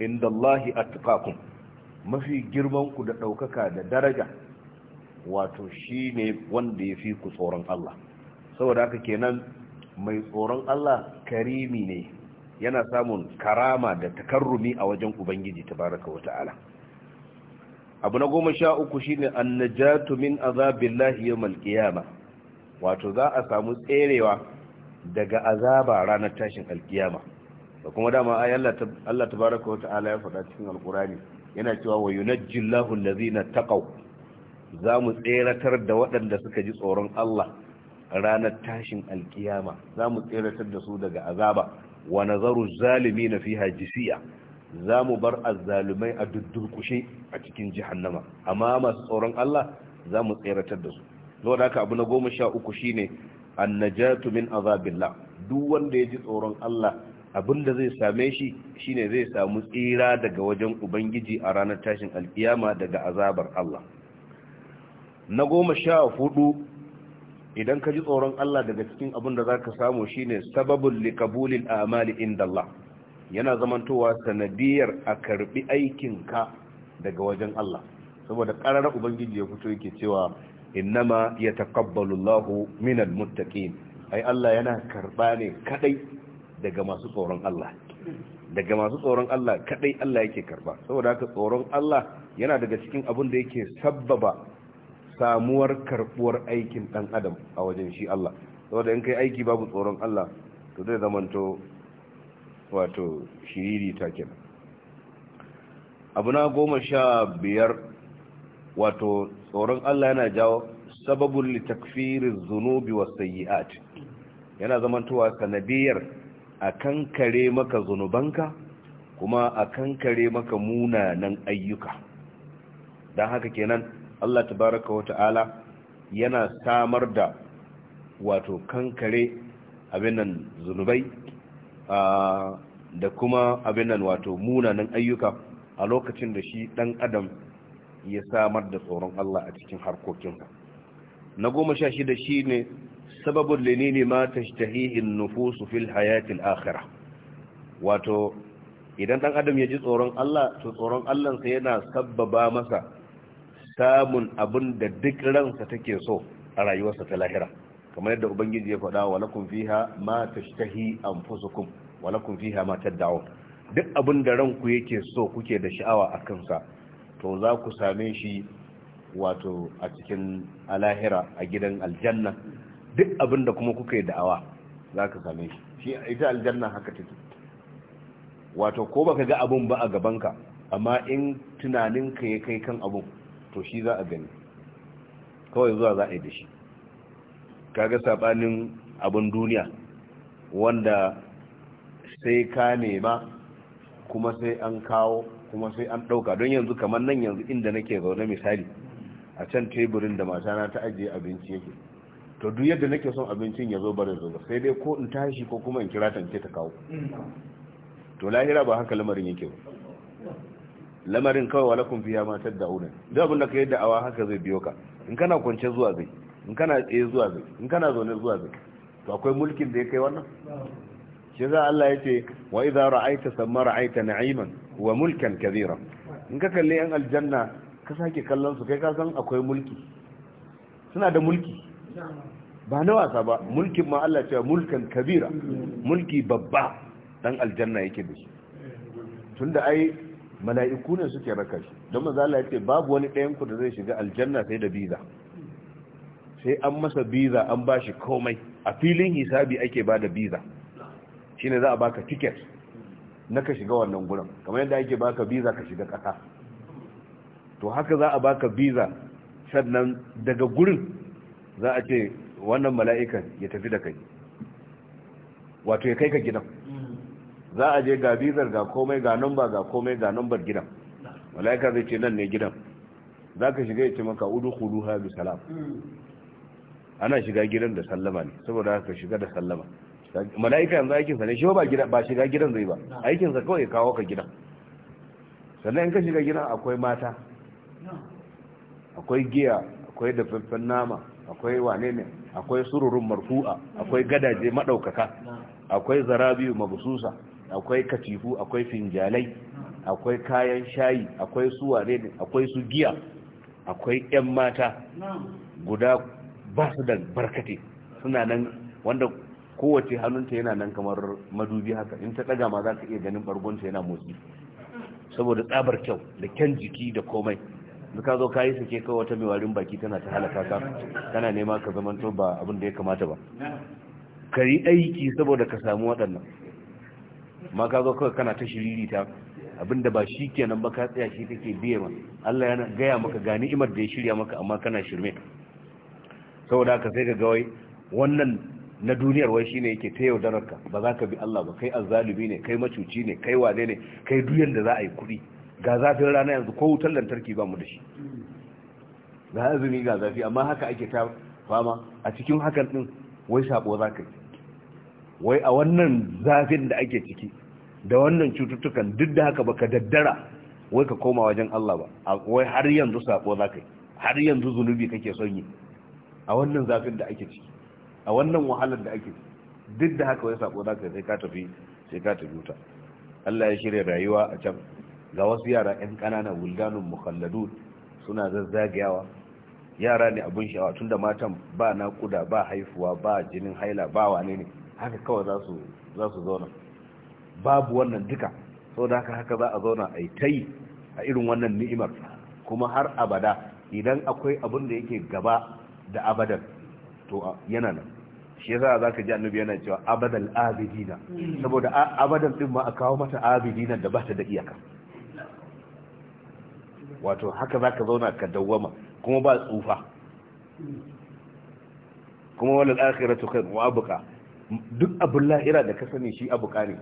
indallahi attaqakum mafi girman ku da ɗaukaka da daraja wato shi ne wanda ya fi ku tsoron Allah saboda haka kenan mai tsoron Allah karimi ne yana samun karama da takarrumi a wajen ubangiji tabaraka wata'ala abu na goma sha uku shine najatu min azabillahi ya malkiyama. wato za a samu tserewa daga azaba ranar tashin alkiyama da kuma dama ayi Allah ta baraka wa ta'ala ya faɗa cikin alkur'ani yana cewa wa yunajjillahu ta ƙau. za mu tseratar da waɗanda suka ji tsoron Allah ranar tashin alkiyama za mu tseratar da su daga azaba wa nazaru na fiha jisiya za mu bar azzalumai a duddurkushe a cikin jihannama amma masu tsoron Allah za mu tseratar da su saboda haka abu na goma sha uku shine annajatu min azabillah duk wanda ya ji tsoron Allah abin da zai same shi shine zai samu tsira daga wajen ubangiji a ranar tashin alkiyama daga azabar Allah na goma sha hudu idan ka ji tsoron Allah daga cikin abin da za ka samu shine sababin likabulin amali inda yana zamantowa sanadiyar a karbi aikinka daga wajen Allah saboda ƙararar ubangiji ya fito yake cewa innama ya taƙabbalu Allahu minal muttaqin ai Allah yana karba ne kadai daga masu tsoron Allah daga masu tsoron Allah kadai Allah yake karba saboda haka tsoron Allah yana daga cikin abin da yake sabbaba samuwar karbuwar aikin dan adam a wajen shi Allah saboda in kai aiki babu tsoron Allah to zai zamanto wato shiriri takin abu na goma sha biyar wato tsoron Allah yana jawo sababin litakfirin zunubi wa sayi'at yana zamantowa sanadiyar a kankare maka zunubanka kuma a kankare maka munanan ayyuka don haka kenan Allah tabaraka wa ta'ala yana samar da wato kankare abin zunubai da kuma abin nan wato munanan ayyuka a lokacin da shi ɗan adam ya samar da tsoron Allah a cikin harkokinsa na goma sha shida shi ne sababin ne ma ta shahihin nufusu fil hayatin akhira wato idan ɗan adam ya ji tsoron Allah to tsoron Allah sa yana sababa masa samun abin da duk ransa take so a rayuwarsa ta lahira kamar yadda ubangiji ya faɗa wa lakum fiha ma tashtahi anfusukum wa lakum fiha ma tad'un duk abin da ranku yake so kuke da sha'awa a kansa to za ku same shi wato a cikin alahira a gidan aljanna duk abin da kuma kuke yi da'awa za ka same shi shi ita aljanna haka take wato ko baka ga abun ba a gabanka amma in tunaninka ya kai kan abun to shi za a gani kawai zuwa za a yi da shi kaga sabanin abin duniya wanda sai ka nema kuma sai an kawo kuma sai an ɗauka don yanzu kamar nan yanzu inda nake zaune misali a can teburin da matana ta ajiye abinci yake to duk yadda nake son abincin ya zo bare zo sai dai ko in tashi ko kuma in kira tanke ta kawo to lahira ba haka lamarin yake ba lamarin kawai wala kun fiya matar da duk abin da ka yi da'awa haka zai biyo ka in kana kwance zuwa zai in kana tsaye zuwa zai in kana zaune zuwa zai to akwai mulkin da ya kai wannan shi za Allah ya ce wa idza ra'aita samma ra'aita na'iman wa mulkan kabira in ka kalli yan aljanna ka sake kallon su kai ka san akwai mulki suna da mulki ba na wasa ba mulkin ma Allah ya ce mulkan kabira mulki babba dan aljanna yake da shi tunda ai mala'iku ne suke raka shi don maza Allah ya ce babu wani ɗayan ku da zai shiga aljanna sai da biza sai an masa biza an ba shi komai a filin hisabi ake ba da biza shi ne za a ba ka tiket na ka shiga wannan gudun kamar yadda ake ka biza ka shiga ƙasa to haka za a ba ka biza sannan daga gurin za a ce wannan mala'ikan ya tafi da kai wato ya kai ka gidan za a je ga bizar ga komai ga namba ga komai ga nambar gidan mala'ika zai ce nan ne gidan za ka shiga ya ce maka udu hudu ha bi salam hmm. ana shiga gidan da sallama ne saboda haka shiga da sallama mala'ika yanzu aikinsa ne shi ba gida ba shiga gidan zai ba aikinsa kawai kawo ka gidan sannan in ka shiga gidan akwai mata akwai giya akwai dafaffen nama akwai wane ne akwai sururun marfu'a akwai gadaje madaukaka akwai zarabiyu mabususa akwai katifu akwai finjalai akwai kayan shayi akwai su wane ne akwai su giya akwai yan mata guda ba su da barkate suna nan wanda kowace hannunta yana nan kamar madubi haka in ta daga ma za ka iya ganin bargonta yana motsi saboda tsabar kyau da kyan jiki da komai ka zo ka yi sake kawo wata mai warin baki tana ta halaka ka tana nema ka to ba abin da ya kamata ba ka yi aiki saboda ka samu waɗannan ma ka zo kawai kana ta shiriri ta abin da ba shi kenan ba ka tsaya shi take biye ma Allah yana gaya maka ga ni'imar da ya shirya maka amma kana shirme saboda ka sai ka ga wai wannan na duniyar wai shine yake ta yaudarar ka ba za ka bi Allah ba kai azzalumi ne kai macuci ne kai wane ne kai duyan da za a yi kuɗi ga zafin rana yanzu ko wutar lantarki ba mu da shi ga azumi ga zafi amma haka ake ta fama a cikin hakan din wai sabo za ka yi wai a wannan zafin da ake ciki da wannan cututtukan duk da haka baka daddara wai ka koma wajen Allah ba wai har yanzu sabo za ka yi har yanzu zunubi kake son yi a wannan zafin da ake ciki a wannan wahalar da ake ciki duk da haka wai sako zaka sai ka tafi sai ka tafi wuta Allah ya shirya rayuwa a can ga wasu yara ƴan ƙanana wuldanun mukhalladun suna zazzagiyawa yara ne abun sha'awa tunda matan ba naƙuda ba haifuwa ba jinin haila ba wane ne haka kawai za su za su zauna babu wannan duka saboda haka haka za a zauna a yi a irin wannan ni'imar kuma har abada idan akwai abin da yake gaba da abadan to yana nan shi yasa za ka ji annabi yana cewa abadal abidina mm. saboda abadan din ma a kawo mata abidina da ba ta da iyaka wato haka za ka zauna ka dawwama kuma ba tsufa kuma walal akhiratu khair wa abqa duk abin lahira da ka sani shi abuka ne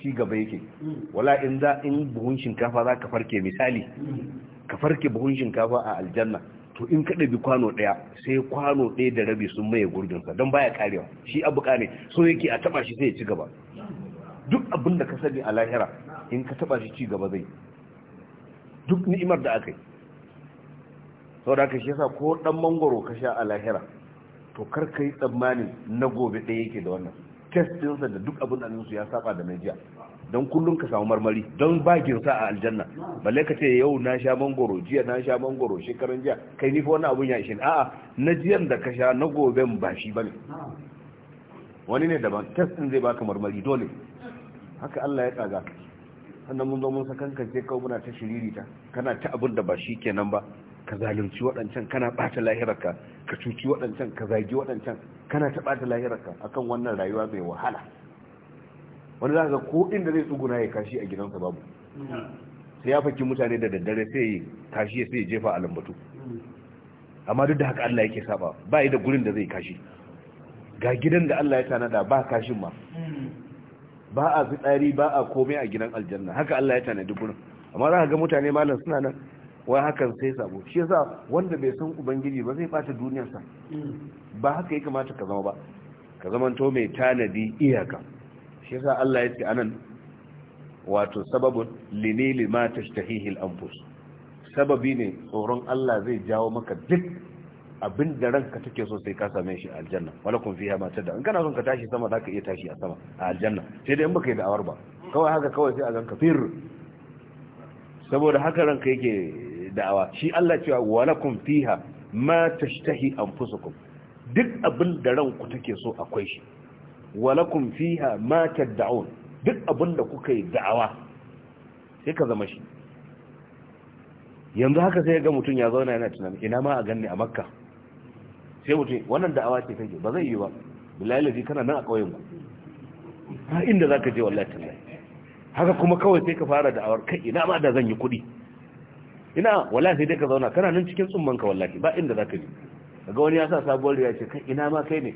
ci gaba yake mm. wala in za in buhun shinkafa za ka farke misali mm. ka farke buhun shinkafa a aljanna to in ka ɗabi kwano ɗaya sai kwano ɗaya da rabi sun maye gurbinsa don baya karewa shi abu ne so yake a taba shi sai ci gaba duk abin da ka sani a lahira in ka taba shi ci gaba zai duk ni'imar da aka yi sau da aka shi yasa ko ɗan mangoro ka sha a lahira to kar ka yi tsammanin na gobe ɗaya yake da wannan test ɗinsa da duk abin da ya saba da na jiya don kullum ka samu marmari don ba girsa a aljanna balle ka ce yau na sha mangoro jiya na sha mangoro shekaran jiya kai ni wani abun ya ishe a'a na jiyan da ka sha na gobe ba shi ba ne. wani ne daban test din zai baka marmari dole haka Allah ya kaga sannan mun zo mun sakankance kawo muna ta shiririta kana ta abin da ba shi kenan ba ka zalunci waɗancan kana ɓata lahirarka ka cuci waɗancan ka zagi waɗancan kana ta ɓata lahirarka akan wannan rayuwa mai wahala wani za ka ko inda zai tsuguna ya kashi a gidansa babu sai ya faki mutane da daddare sai kashi sai ya jefa a lambatu amma duk da haka Allah yake saba ba yi da gurin da zai kashi ga gidan da Allah ya tanada ba kashin ma ba a fitsari ba a komai a gidan aljanna haka Allah ya tanadi gurin amma za ka ga mutane malam suna nan wai hakan sai sabo shi yasa wanda bai san ubangiji ba zai bata duniyarsa ba haka ya kamata ka zama ba ka zama to mai tanadi iyaka shi yasa Allah ya ce anan wato sababun linili ma tashtahihil anfus sababi ne tsoron Allah zai jawo maka duk abin da ranka take so sai ka same shi a aljanna walakum fiha ma tada in kana son ka tashi sama zaka iya tashi a sama a aljanna sai dai in baka yi da'awar ba kawai haka kawai sai a ganka fir saboda haka ranka yake da'awa shi Allah cewa walakum fiha ma tashtahi anfusukum duk abin da ranku take so akwai shi walakum fiha ma tad'un duk abinda kuka yi da'awa sai ka zama shi yanzu haka sai ga mutum ya zauna yana tunani ina ma a ganni a makka sai mutum wannan da'awa ce kake ba zai yi ba billahi lazi kana nan a kauyen ku ha inda zaka je wallahi tallahi haka kuma kawai sai ka fara da'awar kai ina ma da zan yi kuɗi ina wallahi sai dai ka zauna kana nan cikin tsumman ka wallahi ba inda zaka je kaga wani ya sa sabuwar riya ce kai ina ma kai ne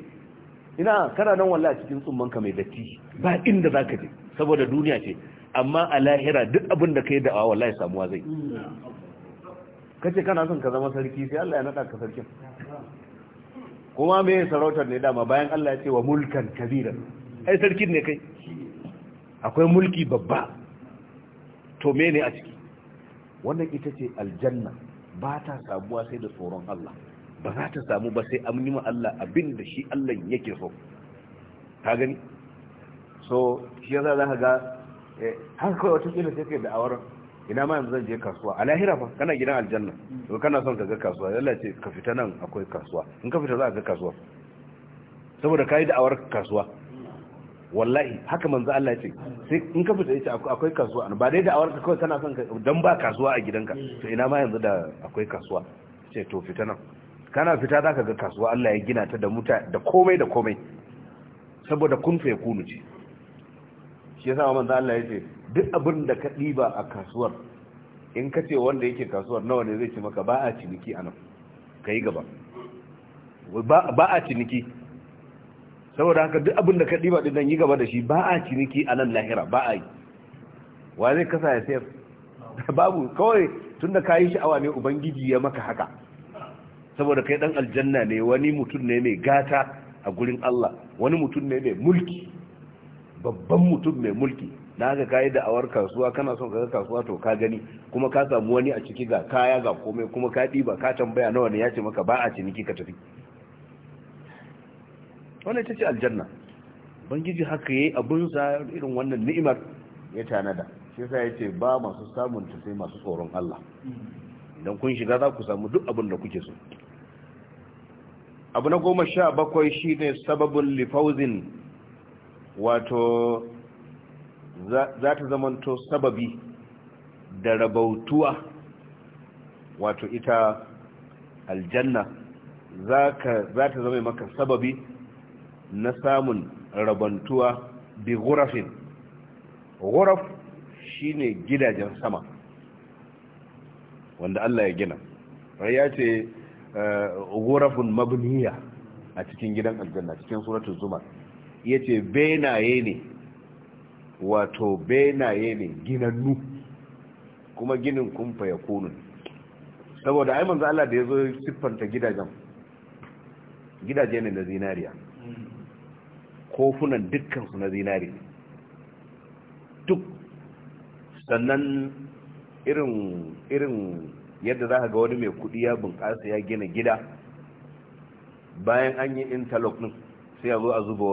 ina kana nan wallahi a cikin tsumman ka mai datti ba inda zaka je saboda duniya ce amma a lahira duk abin da kai da'awa wallahi samuwa zai kace kana son ka zama sarki sai Allah ya nada ka sarkin kuma me sarautar ne dama bayan Allah ya ce wa mulkan kabira ai sarkin ne kai akwai mulki babba to ne a ciki wannan ita ce aljanna ba ta sabuwa sai da tsoron Allah ba za ta samu ba sai an yi ma Allah abin da shi Allah yake so ka gani so shi yasa za ka ga eh, haka kawai wata kila sai kai da awar ina ma yanzu zan je kasuwa a lahira fa kana gidan aljanna to kana son ka ga kasuwa Allah ce ka fita nan akwai kasuwa in ka fita za ka ga kasuwa saboda kai da awar kasuwa wallahi haka manzo Allah ce sai in ka fita yace akwai kasuwa ba dai da awar kawai kana son ka dan ba kasuwa a gidanka to ina ma yanzu da akwai kasuwa ce to fita nan kana fita za ka ga kasuwa Allah ya gina ta da muta da komai da komai saboda kun fa kunu ce shi yasa manzo Allah ya ce duk abin da ka diba a kasuwar in ka ce wanda yake kasuwar nawa ne zai ci maka ba a ciniki anan kai gaba ba a ciniki saboda haka duk abin da ka ɗiba ɗin nan yi gaba da shi ba a ciniki a nan lahira ba a yi wa zai kasa ya sayar babu kawai tunda ka yi sha'awa ne ubangiji ya maka haka saboda kai dan aljanna ne wani mutum ne mai gata a gurin Allah wani mutum ne mai mulki babban mutum mai mulki na haka kayi da'awar kasuwa kana son ka ga kasuwa to ka gani kuma ka samu wani a ciki ga kaya ga komai kuma ka diba ka tambaya nawa ne ya ce maka ba a ciniki ka tafi wannan ita ce aljanna bangiji haka yayi abun sa irin wannan ni'imar ya tanada shi yasa yace ba masu samun ta sai masu tsoron Allah idan kun shiga za ku samu duk abin da kuke so abu na goma sha bakwai shi ne sababin lifauzin wato za ta zamanto sababi da rabautuwa wato ita aljanna za ta zama maka sababi na samun rabantuwa bi gurafin guraf ne gidajen sama wanda Allah ya gina ya ce Eh, ghurafun mabniya a cikin gidan aljanna cikin suratul zumar yace benaye ne wato benaye ne ginannu kuma ginin kun ya kunu saboda ai manzo Allah da yazo siffanta gidajen gidaje ne na zinariya kofunan dukkan su na zinari duk sannan irin irin yadda za ka ga wani mai kuɗi ya bunƙasa ya gina gida bayan an yi interlock ɗin sai a zo a zuba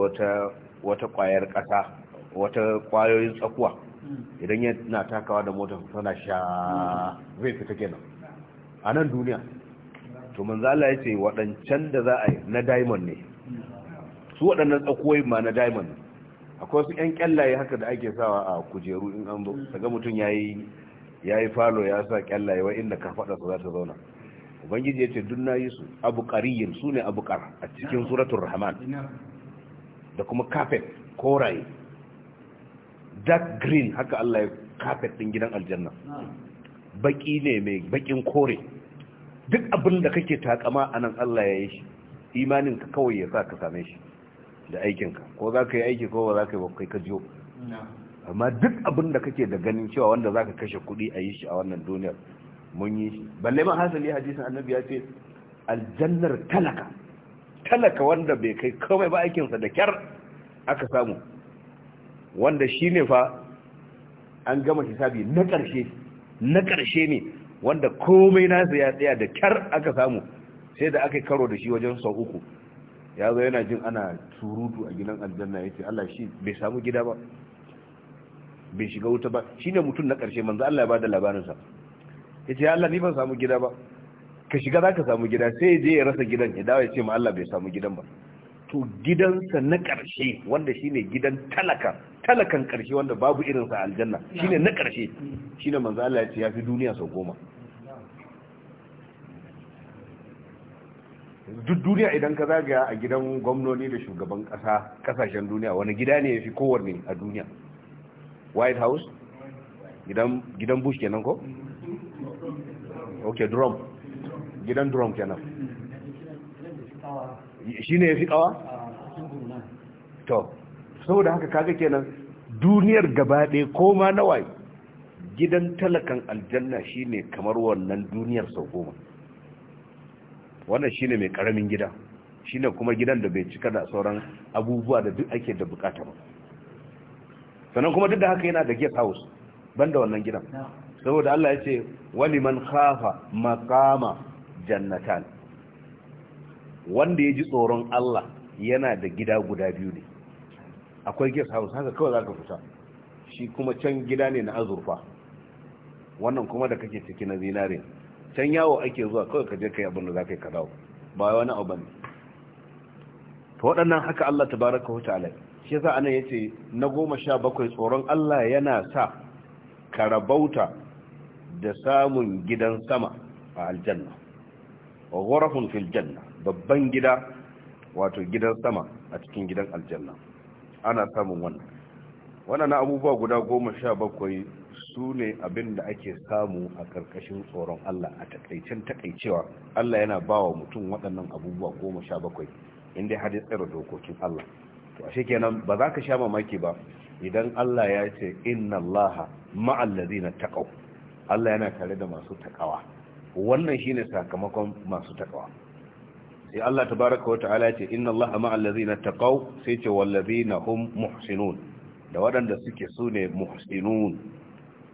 wata ƙwayar ƙasa wata ƙwayoyin tsakuwa idan yana takawa da motar tana sha zai fita kenan a nan duniya to zala ya ce waɗancan da za a yi na diamond ne su waɗannan tsakuwoyi ma na diamond akwai su 'yan kyallaye haka da ake sawa a kujeru in an zo daga mutum ya yi ya yi falo ya sa kyallaye wa inda kafaɗa su za ta zauna ubangiji ya ce dun na yi su abu ƙariyin su ne abu ƙar a cikin suratun rahman da kuma kafet koraye dark green haka allah ya kafet ɗin gidan aljanna baƙi ne mai baƙin kore duk abin da kake takama a nan allah ya yi shi imaninka kawai ya sa ka same shi da aikinka ko za ka yi aiki ko ba za ka yi ba kai ka jiyo amma duk abin da kake da ganin cewa wanda zaka kashe kuɗi a yi shi a wannan duniyar mun yi shi balle ma hasali hadisin annabi ya ce aljannar talaka talaka wanda bai kai komai ba aikinsa da kyar aka samu wanda shi ne fa an gama hisabi na ƙarshe na ƙarshe ne wanda komai nasa ya tsaya da kyar aka samu sai da aka karo da shi wajen sau uku ya zo yana jin ana surutu a gidan aljanna ya ce allah shi bai samu gida ba bai shiga wuta ba shi ne mutum na ƙarshe manzo Allah ya da labarin sa ce Allah ni ban samu gida ba ka shiga za ka samu gida sai je ya rasa gidan ya dawo ya ce ma Allah bai samu gidan ba to gidansa na ƙarshe wanda shi ne gidan talaka talakan ƙarshe wanda babu irinsa sa aljanna ne na ƙarshe shi ne manzo Allah ya ce ya fi duniya sau goma duk duniya idan ka zagaya a gidan gwamnoni da shugaban ƙasashen duniya wani gida ne ya fi kowanne a duniya white house gidan bush kenan ko ok drum gidan drum kenan shi ne ya fi kawa to saboda haka kaga kenan duniyar gabaɗe ko ma nawa gidan talakan aljanna shine kamar wannan duniyar sau goma wannan shine mai karamin gida shine kuma gidan da bai cika da sauran abubuwa da duk ake da bukata ba sannan kuma duk da haka yana da gate house banda wannan gidan saboda Allah ya ce wani man khafa maqama jannatan wanda ya ji tsoron Allah yana da gida guda biyu ne akwai gate house haka kawai za ka fita shi kuma can gida ne na azurfa wannan kuma da kake ciki na zinare can yawo ake zuwa kawai ka je kai abin da zaka ka dawo ba wani abu bane to waɗannan haka Allah tabaraka wa ta'ala shi yasa anan yace na goma sha bakwai tsoron Allah yana sa karabauta da samun gidan sama a aljanna wa ghurafun fil babban gida wato gidan sama a cikin gidan aljanna ana samun wannan wannan abubuwa guda goma sha bakwai su ne abin da ake samu a ƙarƙashin tsoron Allah a takaicen takaicewa Allah yana ba wa mutum waɗannan abubuwa goma sha bakwai inda har ya tsara dokokin Allah to ashe kenan ba za ka sha mamaki ba idan Allah ya ce inna Allah ma'al ladina taqaw Allah yana tare da masu takawa wannan shine sakamakon masu takawa sai Allah tabaaraka wa ta'ala ya ce inna Allah ma'al ladina taqaw sai ce wal ladina hum muhsinun da waɗanda suke su ne muhsinun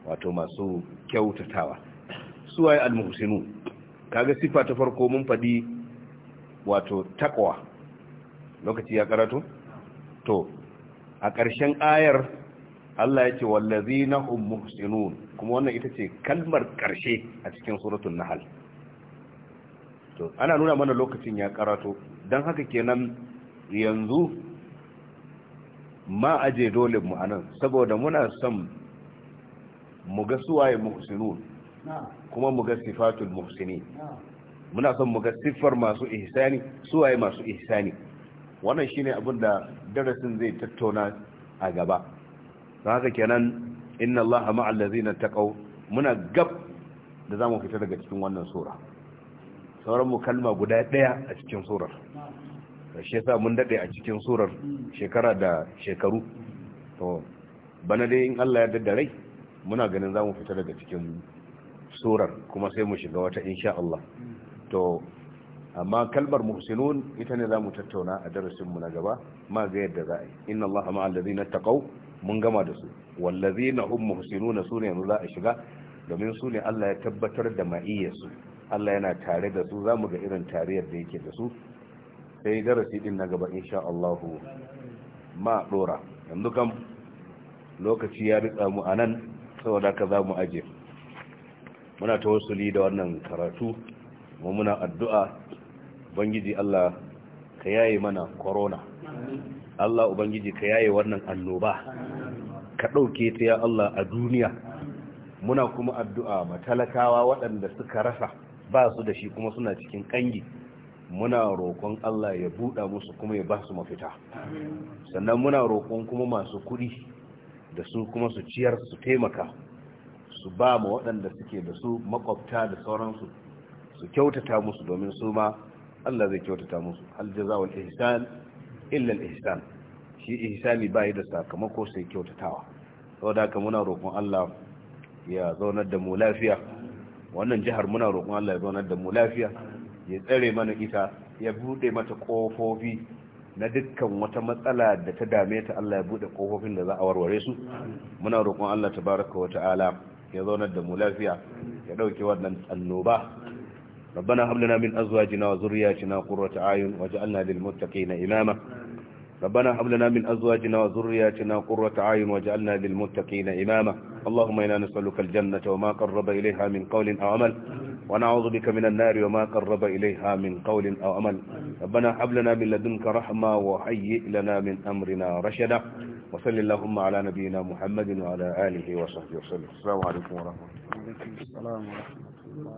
wato masu kyautatawa su waye al muhsinun kaga sifa ta farko mun fadi wato taqwa lokaci ya karatu to a ƙarshen ayar Allah ya ce wallazina hum muhsinun kuma wannan ita ce kalmar ƙarshe a cikin suratun Nahal, to ana nuna mana lokacin ya karato don haka kenan yanzu ma aje dole mu anan saboda muna son mu ga suwaye muhsinun kuma mu ga sifatul muhsini, muna son mu ga siffar masu ihsani suwaye masu ihsani wannan shine abin da darasin zai tattauna a gaba don haka kenan inna allaha zai na taƙau muna gab da za mu fita daga cikin wannan sura sauran mu kalma guda ɗaya a cikin surar shi sa mun daɗe a cikin surar shekara da shekaru to bana dai in Allah ya daddare muna ganin za mu fita daga cikin surar kuma sai mu shiga wata insha Allah to amma kalmar muhsinun ita ne za mu tattauna a darasinmu na gaba ma ga yadda za a yi inna allaha ma'al ladina taqaw mun gama da su wallazina hum muhsinuna su ne yanzu za a shiga domin su ne Allah ya tabbatar da ma'iyyarsu Allah yana tare da su za mu ga irin tariyar da yake da su sai darasi din na gaba insha Allah ma dora yanzu kam lokaci ya ritsa mu a nan, saboda ka za mu aje muna tawassuli da wannan karatu mu muna addu'a ubangiji Allah ka yaye mana Korona. Allah ubangiji ka yaye wannan annoba ka ɗauke ta ya Allah a duniya muna kuma addu'a matalakawa waɗanda suka rasa ba su da shi kuma suna cikin ƙangi muna roƙon Allah ya buɗa musu kuma ya ba su mafita sannan muna roƙon kuma masu kuɗi da su kuma su ciyar su taimaka su ba ma waɗanda suke da su makwabta da sauransu su kyautata musu domin su ma Allah zai kyautata musu hal jaza ihsan illa al ihsan shi ihsani bai da sakamako sai kyautatawa saboda haka muna roƙon Allah ya zaunar da mu lafiya wannan jihar muna roƙon Allah ya zaunar da mu lafiya ya tsare mana ita ya bude mata kofofi na dukkan wata matsala da ta dame ta Allah ya bude kofofin da za a warware su muna roƙon Allah tabaraka wa ta'ala ya zaunar da mu lafiya ya dauke wannan annoba ربنا هب لنا من أزواجنا وذرياتنا قرة أعين واجعلنا للمتقين إماما ربنا هب لنا من أزواجنا وذرياتنا قرة أعين واجعلنا للمتقين إماما اللهم إنا نسألك الجنة وما قرب إليها من قول أو عمل ونعوذ بك من النار وما قرب إليها من قول أو عمل ربنا هب لنا من لدنك رحمة وهيئ لنا من أمرنا رشدا وصل اللهم على نبينا محمد وعلى آله وصحبه وسلم السلام عليكم ورحمة الله السلام ورحمة الله